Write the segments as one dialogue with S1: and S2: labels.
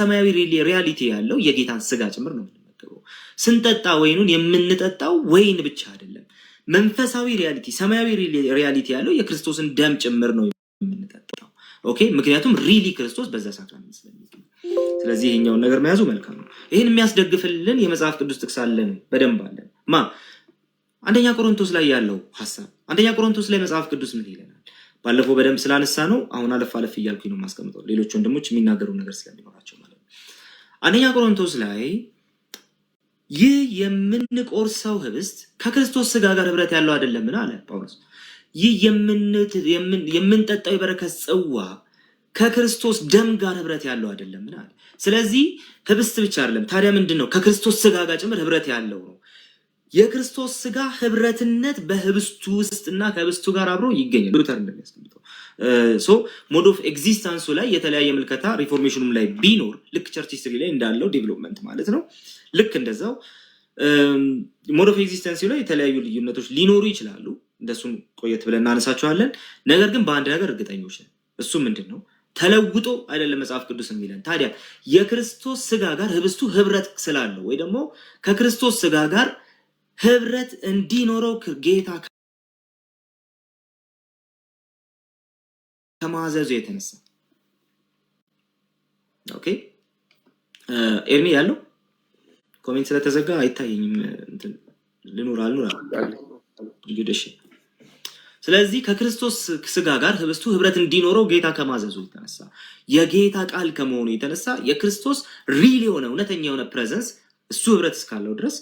S1: ሰማያዊ ሪያሊቲ ያለው የጌታን ስጋ ጭምር ነው የምንመገበው። ስንጠጣ ወይኑን የምንጠጣው ወይን ብቻ አይደለም። መንፈሳዊ ሪያሊቲ፣ ሰማያዊ ሪያሊቲ ያለው የክርስቶስን ደም ጭምር ነው የምንጠጣው። ኦኬ፣ ምክንያቱም ሪሊ ክርስቶስ በዛ ሳክራሚ ስለሚገኝ፣ ስለዚህ ይሄኛውን ነገር መያዙ መልካም ነው። ይህን የሚያስደግፍልን የመጽሐፍ ቅዱስ ጥቅስ አለን፣ በደንብ አለን። ማ አንደኛ ቆሮንቶስ ላይ ያለው ሀሳብ፣ አንደኛ ቆሮንቶስ ላይ መጽሐፍ ቅዱስ ምን ይለናል? ባለፈው በደንብ ስላነሳ ነው። አሁን አለፍ አለፍ እያልኩኝ ነው የማስቀምጠው ሌሎች ወንድሞች የሚናገሩ ነገር ስለሚ አንደኛ ቆሮንቶስ ላይ ይህ የምንቆርሰው ህብስት ከክርስቶስ ስጋ ጋር ህብረት ያለው አይደለምን አለ ጳውሎስ። ይህ የምንጠጣው የበረከት ጽዋ ከክርስቶስ ደም ጋር ህብረት ያለው አይደለምን አለ። ስለዚህ ህብስት ብቻ አይደለም። ታዲያ ምንድን ነው? ከክርስቶስ ስጋ ጋር ጭምር ህብረት ያለው ነው። የክርስቶስ ስጋ ህብረትነት በህብስቱ ውስጥ እና ከህብስቱ ጋር አብሮ ይገኛል። ሉተር እንደሚያስቀምጠው ሶ ሞድ ኦፍ ኤግዚስተንሱ ላይ የተለያየ ምልከታ ሪፎርሜሽኑም ላይ ቢኖር ልክ ቸርች ሂስትሪ ላይ እንዳለው ዴቨሎፕመንት ማለት ነው። ልክ እንደዛው ሞድ ኦፍ ኤግዚስተንሲ ላይ የተለያዩ ልዩነቶች ሊኖሩ ይችላሉ። እንደሱም ቆየት ብለን እናነሳቸዋለን። ነገር ግን በአንድ ነገር እርግጠኞች ነን። እሱ ምንድን ነው? ተለውጦ አይደለም መጽሐፍ ቅዱስ የሚለን። ታዲያ የክርስቶስ ስጋ ጋር ህብስቱ ህብረት ስላለው ወይ ደግሞ ከክርስቶስ ስጋ ጋር ህብረት እንዲኖረው ጌታ ከማዘዙ የተነሳ ኦኬ። ኤርሚ ያለው ኮሜንት ስለተዘጋ አይታየኝም። ልኑር አልኑር እንግዲህ ስለዚህ ከክርስቶስ ስጋ ጋር ህብስቱ ህብረት እንዲኖረው ጌታ ከማዘዙ የተነሳ የጌታ ቃል ከመሆኑ የተነሳ የክርስቶስ ሪል የሆነ እውነተኛ የሆነ ፕሬዘንስ እሱ ህብረት እስካለው ድረስ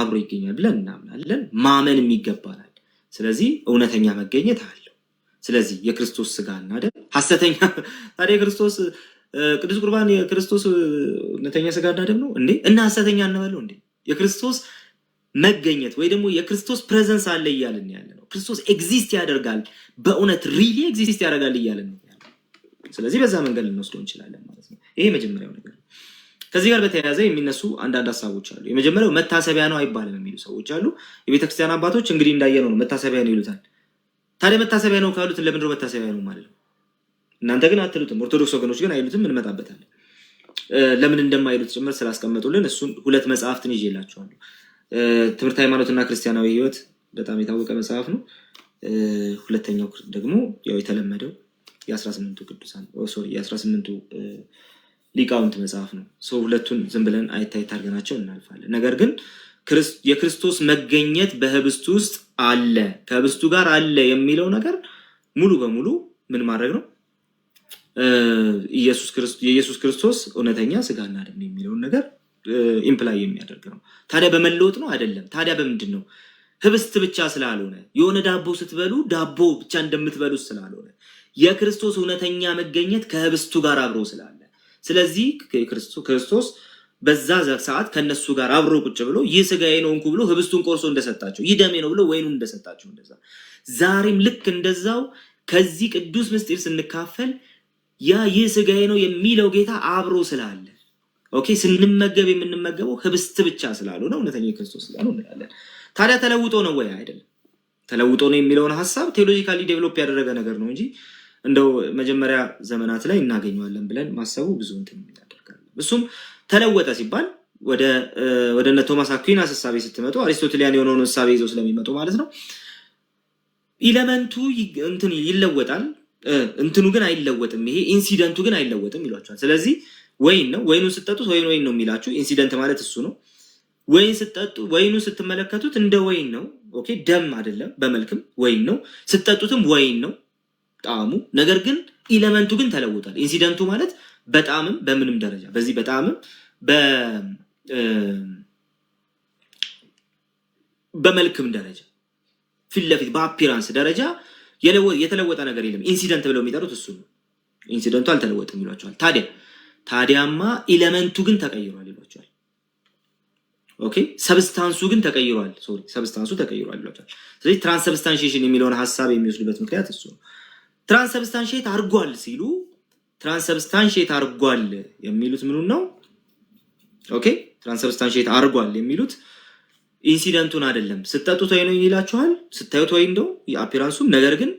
S1: አብሮ ይገኛል ብለን እናምናለን። ማመንም ይገባናል። ስለዚህ እውነተኛ መገኘት አለው። ስለዚህ የክርስቶስ ስጋ እናደ ደም ሐሰተኛ ታዲያ የክርስቶስ ቅዱስ ቁርባን የክርስቶስ እውነተኛ ስጋ እናደም ነው እንዴ? እና ሐሰተኛ እንበለው እንዴ? የክርስቶስ መገኘት ወይ ደግሞ የክርስቶስ ፕሬዘንስ አለ እያልን ያለ ነው። ክርስቶስ ኤግዚስት ያደርጋል በእውነት ሪሊ ኤግዚስት ያደርጋል እያልን ነው። ስለዚህ በዛ መንገድ ልንወስደው እንችላለን ማለት ነው። ይሄ መጀመሪያው ነገር ከዚህ ጋር በተያያዘ የሚነሱ አንዳንድ ሀሳቦች አሉ። የመጀመሪያው መታሰቢያ ነው አይባልም የሚሉ ሰዎች አሉ። የቤተክርስቲያን አባቶች እንግዲህ እንዳየነው ነው መታሰቢያ ነው ይሉታል። ታዲያ መታሰቢያ ነው ካሉት ለምንድነው መታሰቢያ ነው ማለት ነው? እናንተ ግን አትሉትም፣ ኦርቶዶክስ ወገኖች ግን አይሉትም። እንመጣበታለን። ለምን እንደማይሉት ጭምር ስላስቀመጡልን እሱን ሁለት መጽሐፍትን ይዤላችኋለሁ። ትምህርት ሃይማኖትና ክርስቲያናዊ ህይወት በጣም የታወቀ መጽሐፍ ነው። ሁለተኛው ደግሞ ያው የተለመደው የ18ቱ ቅዱሳን ሶሪ የ18ቱ ሊቃውንት መጽሐፍ ነው። ሰው ሁለቱን ዝም ብለን አይታይ ታርገናቸው እናልፋለን። ነገር ግን የክርስቶስ መገኘት በህብስቱ ውስጥ አለ፣ ከህብስቱ ጋር አለ የሚለው ነገር ሙሉ በሙሉ ምን ማድረግ ነው? የኢየሱስ ክርስቶስ እውነተኛ ስጋና ደም የሚለውን ነገር ኢምፕላይ የሚያደርግ ነው። ታዲያ በመለወጥ ነው አይደለም። ታዲያ በምንድን ነው? ህብስት ብቻ ስላልሆነ የሆነ ዳቦ ስትበሉ ዳቦ ብቻ እንደምትበሉት ስላልሆነ የክርስቶስ እውነተኛ መገኘት ከህብስቱ ጋር አብሮ ስላለ ስለዚህ ክርስቶስ በዛ ሰዓት ከነሱ ጋር አብሮ ቁጭ ብሎ ይህ ስጋዬ ነው እንኩ ብሎ ህብስቱን ቆርሶ እንደሰጣቸው፣ ይህ ደሜ ነው ብሎ ወይኑን እንደሰጣቸው፣ እንደዛ ዛሬም ልክ እንደዛው ከዚህ ቅዱስ ምስጢር ስንካፈል ያ ይህ ስጋዬ ነው የሚለው ጌታ አብሮ ስላለ ኦኬ ስንመገብ የምንመገበው ህብስት ብቻ ስላልሆነ እውነተኛ የክርስቶስ ስጋ ነው እንላለን። ታዲያ ተለውጦ ነው ወይ? አይደለም። ተለውጦ ነው የሚለውን ሀሳብ ቴዎሎጂካሊ ዴቨሎፕ ያደረገ ነገር ነው እንጂ እንደው መጀመሪያ ዘመናት ላይ እናገኘዋለን ብለን ማሰቡ ብዙ እንትን ያደርጋል። እሱም ተለወጠ ሲባል ወደ እነ ቶማስ አኩናስ እሳቤ ስትመጡ አሪስቶትሊያን የሆነውን እሳቤ ይዘው ስለሚመጡ ማለት ነው። ኢለመንቱ እንትን ይለወጣል፣ እንትኑ ግን አይለወጥም። ይሄ ኢንሲደንቱ ግን አይለወጥም ይሏቸዋል። ስለዚህ ወይን ነው ወይኑን ስጠጡት ወይን ወይን ነው የሚላችሁ። ኢንሲደንት ማለት እሱ ነው። ወይን ስጠጡ ወይኑ ስትመለከቱት እንደ ወይን ነው። ኦኬ፣ ደም አይደለም፣ በመልክም ወይን ነው። ስጠጡትም ወይን ነው። ጣዕሙ ነገር ግን ኢለመንቱ ግን ተለውጧል። ኢንሲደንቱ ማለት በጣምም በምንም ደረጃ በዚህ በጣምም በመልክም ደረጃ ፊት ለፊት በአፒራንስ ደረጃ የተለወጠ ነገር የለም። ኢንሲደንት ብለው የሚጠሩት እሱ ነው። ኢንሲደንቱ አልተለወጥም ይሏቸዋል። ታዲያ ታዲያማ ኢለመንቱ ግን ተቀይሯል ይሏቸዋል። ኦኬ ሰብስታንሱ ግን ተቀይሯል። ሶሪ ሰብስታንሱ ተቀይሯል ይሏቸዋል። ስለዚህ ትራንስ ሰብስታንሽን የሚለውን ሀሳብ የሚወስዱበት ምክንያት እሱ ነው። ትራንስሰብስታንሺየት አርጓል ሲሉ ትራንስሰብስታንሺየት አርጓል የሚሉት ምኑን ነው? ኦኬ ትራንስሰብስታንሺየት አርጓል የሚሉት ኢንሲደንቱን አይደለም። ስትጠጡት ወይ ነው ይላችኋል፣ ስታዩት ወይ እንደው የአፒራንሱም ነገር ግን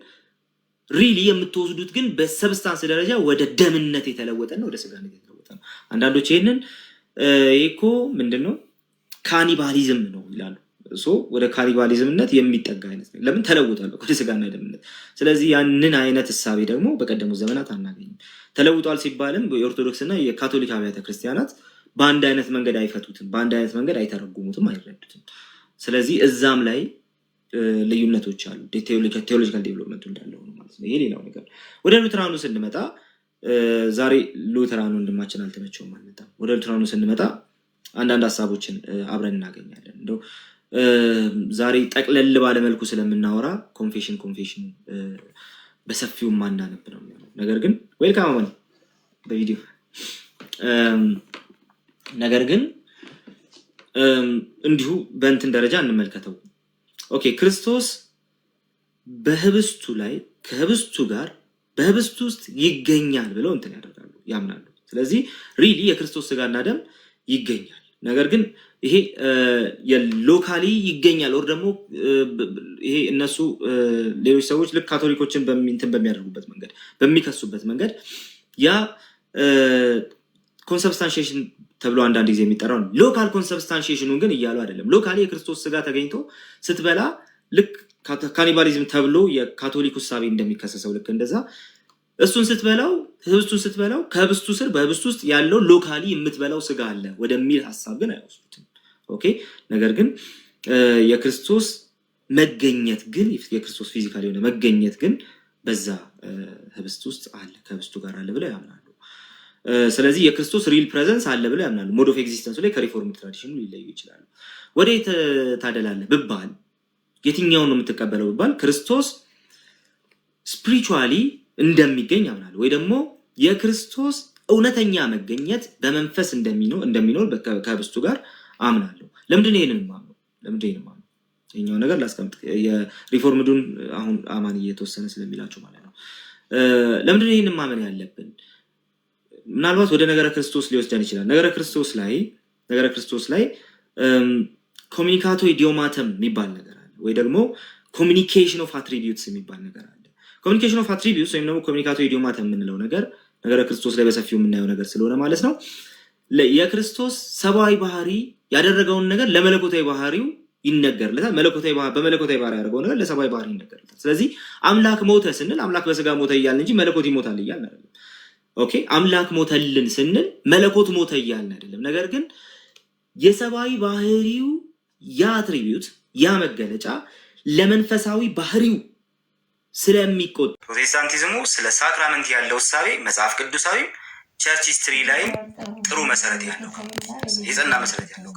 S1: ሪሊ የምትወስዱት ግን በሰብስታንስ ደረጃ ወደ ደምነት የተለወጠ ነው፣ ወደ ስጋነት የተለወጠ ነው። አንዳንዶች ይህንን ይህ እኮ ምንድን ነው ካኒባሊዝም ነው ይላሉ። ወደ ካኒባሊዝምነት የሚጠጋ አይነት ነው። ለምን ተለውጧል፣ ወደ ስጋና ደምነት። ስለዚህ ያንን አይነት እሳቤ ደግሞ በቀደሙት ዘመናት አናገኝም። ተለውጧል ሲባልም የኦርቶዶክስና የካቶሊክ አብያተ ክርስቲያናት በአንድ አይነት መንገድ አይፈቱትም፣ በአንድ አይነት መንገድ አይተረጉሙትም፣ አይረዱትም። ስለዚህ እዛም ላይ ልዩነቶች አሉ። ቴዎሎጂካል ዴቨሎፕመንቱ እንዳለ ሆኖ ማለት ነው። ይሄ ሌላው ነገር። ወደ ሉትራኑ ስንመጣ ዛሬ ሉትራኑ ወንድማችን አልተመቸውም አልመጣም። ወደ ሉትራኑ ስንመጣ አንዳንድ ሀሳቦችን አብረን እናገኛለን እንደው ዛሬ ጠቅለል ባለመልኩ ስለምናወራ ኮንፌሽን ኮንፌሽን በሰፊው ማናነብ ነው የሚሆነው። ነገር ግን ዌልካም አማኒ በቪዲዮ ነገር ግን እንዲሁ በእንትን ደረጃ እንመልከተው። ኦኬ ክርስቶስ በህብስቱ ላይ ከህብስቱ ጋር በህብስቱ ውስጥ ይገኛል ብለው እንትን ያደርጋሉ ያምናሉ። ስለዚህ ሪሊ የክርስቶስ ስጋና ደም ይገኛል ነገር ግን ይሄ የሎካሊ ይገኛል ወር ደግሞ ይሄ እነሱ ሌሎች ሰዎች ልክ ካቶሊኮችን እንትን በሚያደርጉበት መንገድ በሚከሱበት መንገድ ያ ኮንሰብስታንሽን ተብሎ አንዳንድ ጊዜ የሚጠራው ነው። ሎካል ኮንሰብስታንሽኑ ግን እያሉ አይደለም። ሎካሊ የክርስቶስ ስጋ ተገኝቶ ስትበላ ልክ ካኒባሊዝም ተብሎ የካቶሊክ ውሳቤ እንደሚከሰሰው ልክ እንደዛ እሱን ስትበላው ህብስቱን ስትበላው ከህብስቱ ስር በህብስቱ ውስጥ ያለው ሎካሊ የምትበላው ስጋ አለ ወደሚል ሀሳብ ግን አይወስዱትም። ኦኬ ነገር ግን የክርስቶስ መገኘት ግን የክርስቶስ ፊዚካል የሆነ መገኘት ግን በዛ ህብስት ውስጥ አለ ከህብስቱ ጋር አለ ብለው ያምናሉ። ስለዚህ የክርስቶስ ሪል ፕሬዘንስ አለ ብለው ያምናሉ። ሞድ ኦፍ ኤግዚስተንሱ ላይ ከሪፎርም ትራዲሽኑ ሊለዩ ይችላሉ። ወደ ታደላለ ብባል የትኛውን ነው የምትቀበለው ብባል ክርስቶስ ስፒሪቹዋሊ እንደሚገኝ ያምናል ወይ ደግሞ የክርስቶስ እውነተኛ መገኘት በመንፈስ እንደሚኖር ከብስቱ ጋር አምናለሁ። ለምንድን ይህንን ማምነው? ለምንድን ይህን ማምነው? ይኛው ነገር ላስቀምጥ። የሪፎርምዱን አሁን አማን እየተወሰነ ስለሚላቸው ማለት ነው። ለምንድን ይህንን ማመን ያለብን? ምናልባት ወደ ነገረ ክርስቶስ ሊወስደን ይችላል። ነገረ ክርስቶስ ላይ ነገረ ክርስቶስ ላይ ኮሚኒካቶ ኢዲዮማተም የሚባል ነገር አለ ወይ ደግሞ ኮሚኒኬሽን ኦፍ አትሪቢዩትስ የሚባል ነገር አለ ኮሚኒኬሽን ኦፍ አትሪቢዩትስ ወይም ደግሞ ኮሚኒካቶ ኢዲዮማት የምንለው ነገር ነገረ ክርስቶስ ላይ በሰፊው የምናየው ነገር ስለሆነ ማለት ነው። የክርስቶስ ሰብአዊ ባህሪ ያደረገውን ነገር ለመለኮታዊ ባህሪው ይነገርለታል። በመለኮታዊ ባህሪ ያደረገው ነገር ለሰብአዊ ባህሪ ይነገርለታል። ስለዚህ አምላክ ሞተ ስንል አምላክ በስጋ ሞተ እያልን እንጂ መለኮት ይሞታል እያልን አይደለም። ኦኬ አምላክ ሞተልን ስንል መለኮት ሞተ እያልን አይደለም። ነገር ግን የሰብአዊ ባህሪው ያ አትሪቢዩት ያ መገለጫ ለመንፈሳዊ ባህሪው ስለሚቆጥ
S2: ፕሮቴስታንቲዝሙ ስለ ሳክራመንት ያለው እሳቤ መጽሐፍ ቅዱሳዊ ቸርች ስትሪ ላይ ጥሩ መሰረት ያለው የጸና መሰረት ያለው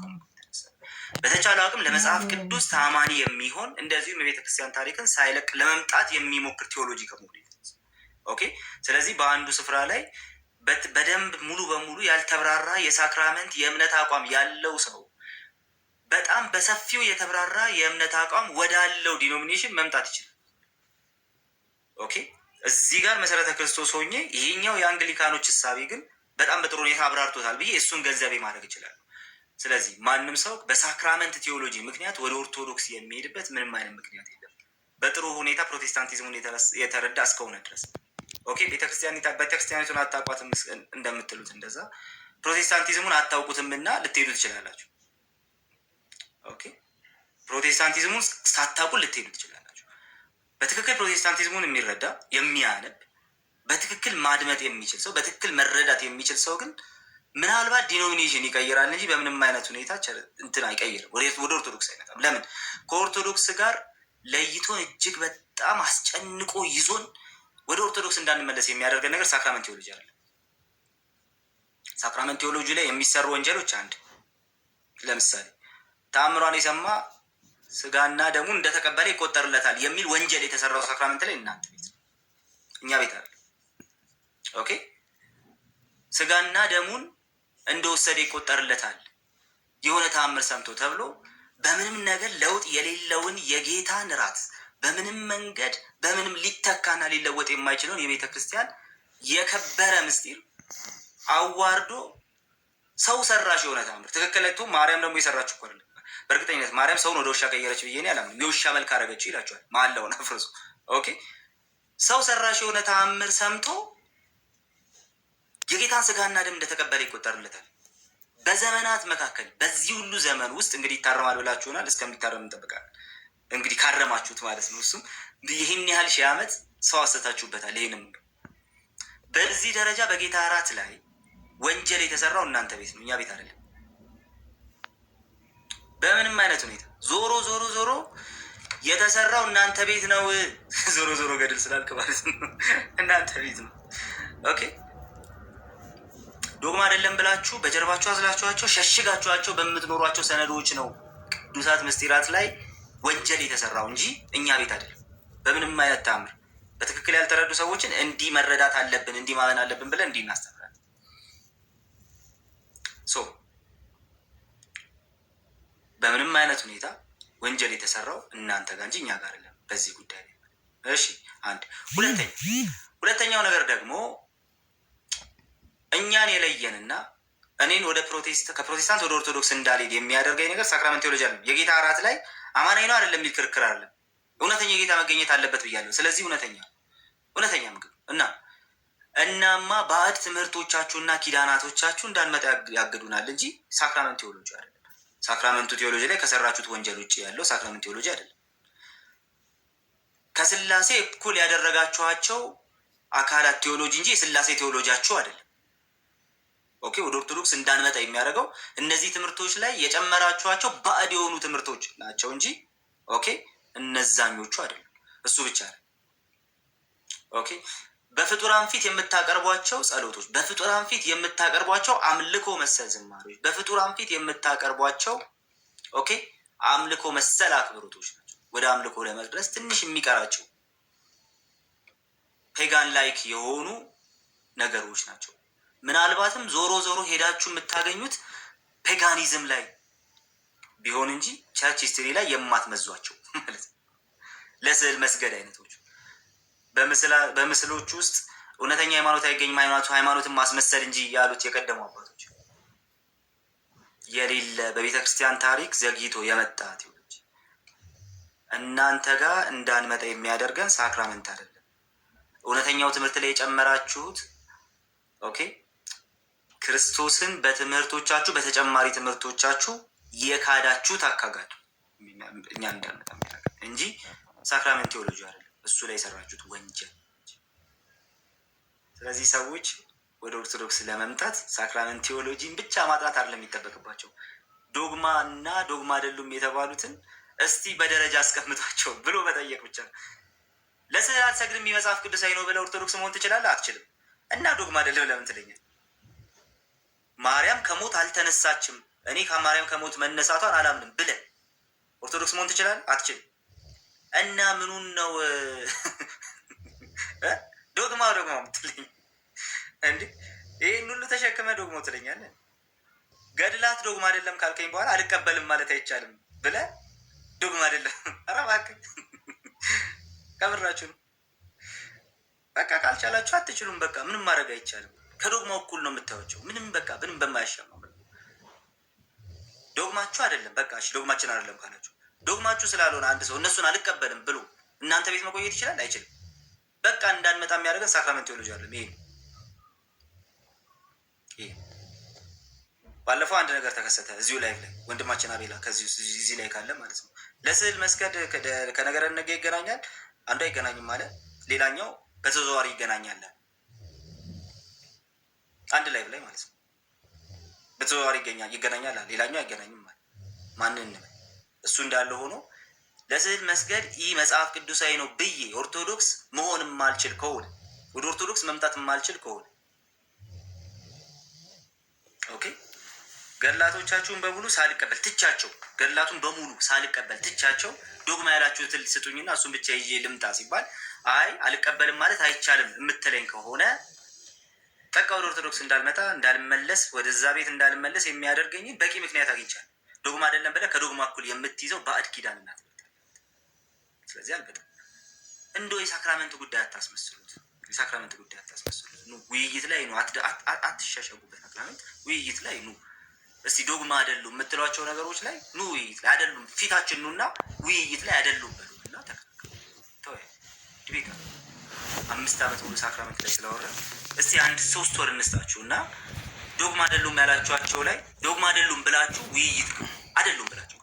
S2: በተቻለ አቅም ለመጽሐፍ ቅዱስ ታማኒ የሚሆን እንደዚሁም የቤተክርስቲያን ታሪክን ሳይለቅ ለመምጣት የሚሞክር ቴዎሎጂ ከመሆኑ ኦኬ። ስለዚህ በአንዱ ስፍራ ላይ በደንብ ሙሉ በሙሉ ያልተብራራ የሳክራመንት የእምነት አቋም ያለው ሰው በጣም በሰፊው የተብራራ የእምነት አቋም ወዳለው ዲኖሚኔሽን መምጣት ይችላል። ኦኬ እዚህ ጋር መሰረተ ክርስቶስ ሆኜ ይሄኛው የአንግሊካኖች እሳቤ ግን በጣም በጥሩ ሁኔታ አብራርቶታል ብዬ እሱን ገንዘቤ ማድረግ እችላለሁ። ስለዚህ ማንም ሰው በሳክራመንት ቴዎሎጂ ምክንያት ወደ ኦርቶዶክስ የሚሄድበት ምንም አይነት ምክንያት የለም። በጥሩ ሁኔታ ፕሮቴስታንቲዝሙን የተረዳ እስከሆነ ድረስ ኦኬ ቤተክርስቲያኒቱን አታውቋትም እንደምትሉት እንደዛ ፕሮቴስታንቲዝሙን አታውቁትም እና ልትሄዱ ትችላላችሁ። ኦኬ ፕሮቴስታንቲዝሙን ሳታውቁ ልትሄዱ ትችላላችሁ። በትክክል ፕሮቴስታንቲዝሙን የሚረዳ የሚያነብ በትክክል ማድመጥ የሚችል ሰው በትክክል መረዳት የሚችል ሰው ግን ምናልባት ዲኖሚኔሽን ይቀይራል እንጂ በምንም አይነት ሁኔታ እንትን አይቀይርም፣ ወደ ኦርቶዶክስ አይመጣም። ለምን ከኦርቶዶክስ ጋር ለይቶን እጅግ በጣም አስጨንቆ ይዞን ወደ ኦርቶዶክስ እንዳንመለስ የሚያደርገን ነገር ሳክራመንት ቴዎሎጂ አለ። ሳክራመንት ቴዎሎጂ ላይ የሚሰሩ ወንጀሎች አንድ ለምሳሌ ተአምሯን የሰማ ስጋና ደሙ እንደተቀበለ ይቆጠርለታል የሚል ወንጀል የተሰራው ሳክራመንት ላይ እናንተ ቤት ነው፣ እኛ ቤት አለ። ኦኬ ስጋና ደሙን እንደወሰደ ይቆጠርለታል የሆነ ተአምር ሰምቶ ተብሎ በምንም ነገር ለውጥ የሌለውን የጌታን ራት በምንም መንገድ በምንም ሊተካና ሊለወጥ የማይችለውን የቤተ ክርስቲያን የከበረ ምስጢር አዋርዶ ሰው ሰራሽ የሆነ ተአምር ትክክለቱ ማርያም ደግሞ የሰራችው እኮ አይደለም በእርግጠኝነት ማርያም ሰውን ወደ ውሻ ቀየረች ብዬ እኔ አላምንም። የውሻ መልክ አረገችው ይላቸዋል። ማለውን አፍርሶ ኦኬ። ሰው ሰራሽ የሆነ ተአምር ሰምቶ የጌታን ስጋና ደም እንደተቀበለ ይቆጠርለታል። በዘመናት መካከል በዚህ ሁሉ ዘመን ውስጥ እንግዲህ ይታረማል ብላችሁ እስከሚታረም እንጠብቃለን። እንግዲህ ካረማችሁት ማለት ነው። እሱም ይህን ያህል ሺህ ዓመት ሰው አሰታችሁበታል። ይህንም በዚህ ደረጃ በጌታ እራት ላይ ወንጀል የተሰራው እናንተ ቤት ነው፣ እኛ ቤት አይደለም። በምንም አይነት ሁኔታ ዞሮ ዞሮ ዞሮ የተሰራው እናንተ ቤት ነው። ዞሮ ዞሮ ገድል ስላልክ ማለት ነው እናንተ ቤት ነው። ኦኬ ዶግማ አይደለም ብላችሁ በጀርባችሁ አዝላችኋቸው ሸሽጋችኋቸው በምትኖሯቸው ሰነዶች ነው ቅዱሳት ምስጢራት ላይ ወንጀል የተሰራው እንጂ እኛ ቤት አይደለም። በምንም አይነት ታምር በትክክል ያልተረዱ ሰዎችን እንዲህ መረዳት አለብን፣ እንዲህ ማመን አለብን ብለን እንዲህ እናስተምራለን። በምንም አይነት ሁኔታ ወንጀል የተሰራው እናንተ ጋር እንጂ እኛ ጋር አይደለም። በዚህ ጉዳይ እሺ፣ አንድ ሁለተኛ ሁለተኛው ነገር ደግሞ እኛን የለየንና እኔን ወደ ከፕሮቴስታንት ወደ ኦርቶዶክስ እንዳልሄድ የሚያደርገኝ ነገር ሳክራመንት ቴዎሎጂ አለ። የጌታ እራት ላይ አማናዊ ነው አይደለም የሚል ክርክር አለ። እውነተኛ የጌታ መገኘት አለበት ብያለሁ። ስለዚህ እውነተኛ እውነተኛ ምግብ እና እናማ ባዕድ ትምህርቶቻችሁና ኪዳናቶቻችሁ እንዳንመጣ ያግዱናል እንጂ ሳክራመንት ቴዎሎጂ አለ ሳክራመንቱ ቴዎሎጂ ላይ ከሰራችሁት ወንጀል ውጭ ያለው ሳክራመንት ቴዎሎጂ አይደለም። ከስላሴ እኩል ያደረጋችኋቸው አካላት ቴዎሎጂ እንጂ የስላሴ ቴዎሎጂያችሁ አይደለም። ኦኬ፣ ወደ ኦርቶዶክስ እንዳንመጣ የሚያደርገው እነዚህ ትምህርቶች ላይ የጨመራችኋቸው ባዕድ የሆኑ ትምህርቶች ናቸው እንጂ ኦኬ፣ እነዛኞቹ አይደለም። እሱ ብቻ ነው። ኦኬ በፍጡራን ፊት የምታቀርቧቸው ጸሎቶች፣ በፍጡራን ፊት የምታቀርቧቸው አምልኮ መሰል ዝማሬዎች፣ በፍጡራን ፊት የምታቀርቧቸው ኦኬ አምልኮ መሰል አክብሮቶች ናቸው። ወደ አምልኮ ለመድረስ ትንሽ የሚቀራቸው ፔጋን ላይክ የሆኑ ነገሮች ናቸው። ምናልባትም ዞሮ ዞሮ ሄዳችሁ የምታገኙት ፔጋኒዝም ላይ ቢሆን እንጂ ቸርች ሂስትሪ ላይ የማትመዟቸው ማለት ነው። ለስዕል መስገድ አይነቶች በምስሎች ውስጥ እውነተኛ ሃይማኖት አይገኝም፣ ሃይማኖትን ማስመሰል እንጂ ያሉት የቀደሙ አባቶች የሌለ በቤተ ክርስቲያን ታሪክ ዘግይቶ የመጣ ትውልድ እናንተ ጋር እንዳንመጣ የሚያደርገን ሳክራመንት አይደለም። እውነተኛው ትምህርት ላይ የጨመራችሁት ኦኬ ክርስቶስን በትምህርቶቻችሁ በተጨማሪ ትምህርቶቻችሁ የካዳችሁት አካጋዱ እኛ እንዳንመጣ እንጂ ሳክራመንት ቴዎሎጂ አይደለም። እሱ ላይ የሰራችሁት ወንጀል። ስለዚህ ሰዎች ወደ ኦርቶዶክስ ለመምጣት ሳክራመንት ቴዎሎጂን ብቻ ማጥናት አይደለም የሚጠበቅባቸው ዶግማ እና ዶግማ አይደሉም የተባሉትን እስቲ በደረጃ አስቀምጧቸው ብሎ መጠየቅ ብቻ ለስዕል አልሰግድም የመጽሐፍ ቅዱሳዊ ነው ብለህ ኦርቶዶክስ መሆን ትችላለህ? አትችልም። እና ዶግማ አይደለም ለምን ትለኛል? ማርያም ከሞት አልተነሳችም፣ እኔ ከማርያም ከሞት መነሳቷን አላምንም ብለህ ኦርቶዶክስ መሆን ትችላለህ? አትችልም። እና ምኑን ነው ዶግማ ዶግማ ምትለኝ እንዴ? ይህን ሁሉ ተሸክመ ዶግማ ትለኛለ? ገድላት ዶግማ አይደለም ካልከኝ በኋላ አልቀበልም ማለት አይቻልም ብለ ዶግማ አይደለም። ኧረ እባክህ ከምራችሁ ነው። በቃ ካልቻላችሁ አትችሉም። በቃ ምንም ማድረግ አይቻልም። ከዶግማው እኩል ነው የምታዩቸው። ምንም በቃ ምንም በማያሻማ ዶግማችሁ አይደለም። በቃ ዶግማችን አይደለም ካላችሁ ዶግማችሁ ስላልሆነ አንድ ሰው እነሱን አልቀበልም ብሎ እናንተ ቤት መቆየት ይችላል አይችልም? በቃ እንዳንመጣ የሚያደርገን ሳክራመንት ቴዎሎጂ አለ። ይሄ ባለፈው አንድ ነገር ተከሰተ እዚሁ ላይ ላይ ወንድማችን አቤላ ከዚህ ላይ ካለ ማለት ነው ለስዕል መስገድ ከነገረ ነገ ይገናኛል። አንዱ አይገናኝም አለ፣ ሌላኛው በተዘዋዋሪ ይገናኛል። አንድ ላይ ላይ ማለት ነው በተዘዋዋሪ ይገናኛል። ሌላኛው አይገናኝም ማለት ማንን እሱ እንዳለ ሆኖ ለስዕል መስገድ ይህ መጽሐፍ ቅዱሳዊ ነው ብዬ ኦርቶዶክስ መሆን የማልችል ከሆነ ወደ ኦርቶዶክስ መምጣት የማልችል ከሆነ ኦኬ ገድላቶቻችሁን በሙሉ ሳልቀበል ትቻቸው፣ ገድላቱን በሙሉ ሳልቀበል ትቻቸው፣ ዶግማ ትል ስጡኝና እሱን ብቻ ይዤ ልምጣ ሲባል አይ አልቀበልም ማለት አይቻልም የምትለኝ ከሆነ በቃ ወደ ኦርቶዶክስ እንዳልመጣ እንዳልመለስ፣ ወደዛ ቤት እንዳልመለስ የሚያደርገኝ በቂ ምክንያት አግኝቻል። ዶግማ አይደለም ብለህ ከዶግማ እኩል የምትይዘው ባዕድ ኪዳን እናት። ስለዚህ አልበጣም እንዶ የሳክራመንት ጉዳይ አታስመስሉት፣ የሳክራመንት ጉዳይ አታስመስሉት። ኑ ውይይት ላይ ኑ፣ አትሸሸጉበት። ሳክራመንት ውይይት ላይ ኑ። እስቲ ዶግማ አይደሉም የምትሏቸው ነገሮች ላይ ኑ፣ ውይይት ላይ አይደሉም። ፊታችን ኑና ውይይት ላይ አይደሉም በሉ እና ተከራከሩ። ድቤታ አምስት ዓመት ሙሉ ሳክራመንት ላይ ስለወረ እስቲ አንድ ሶስት ወር እንስጣችሁ እና ዶግማ አይደሉም ያላችኋቸው ላይ ዶግማ አይደሉም ብላችሁ ውይይት አይደሉም ብላችሁ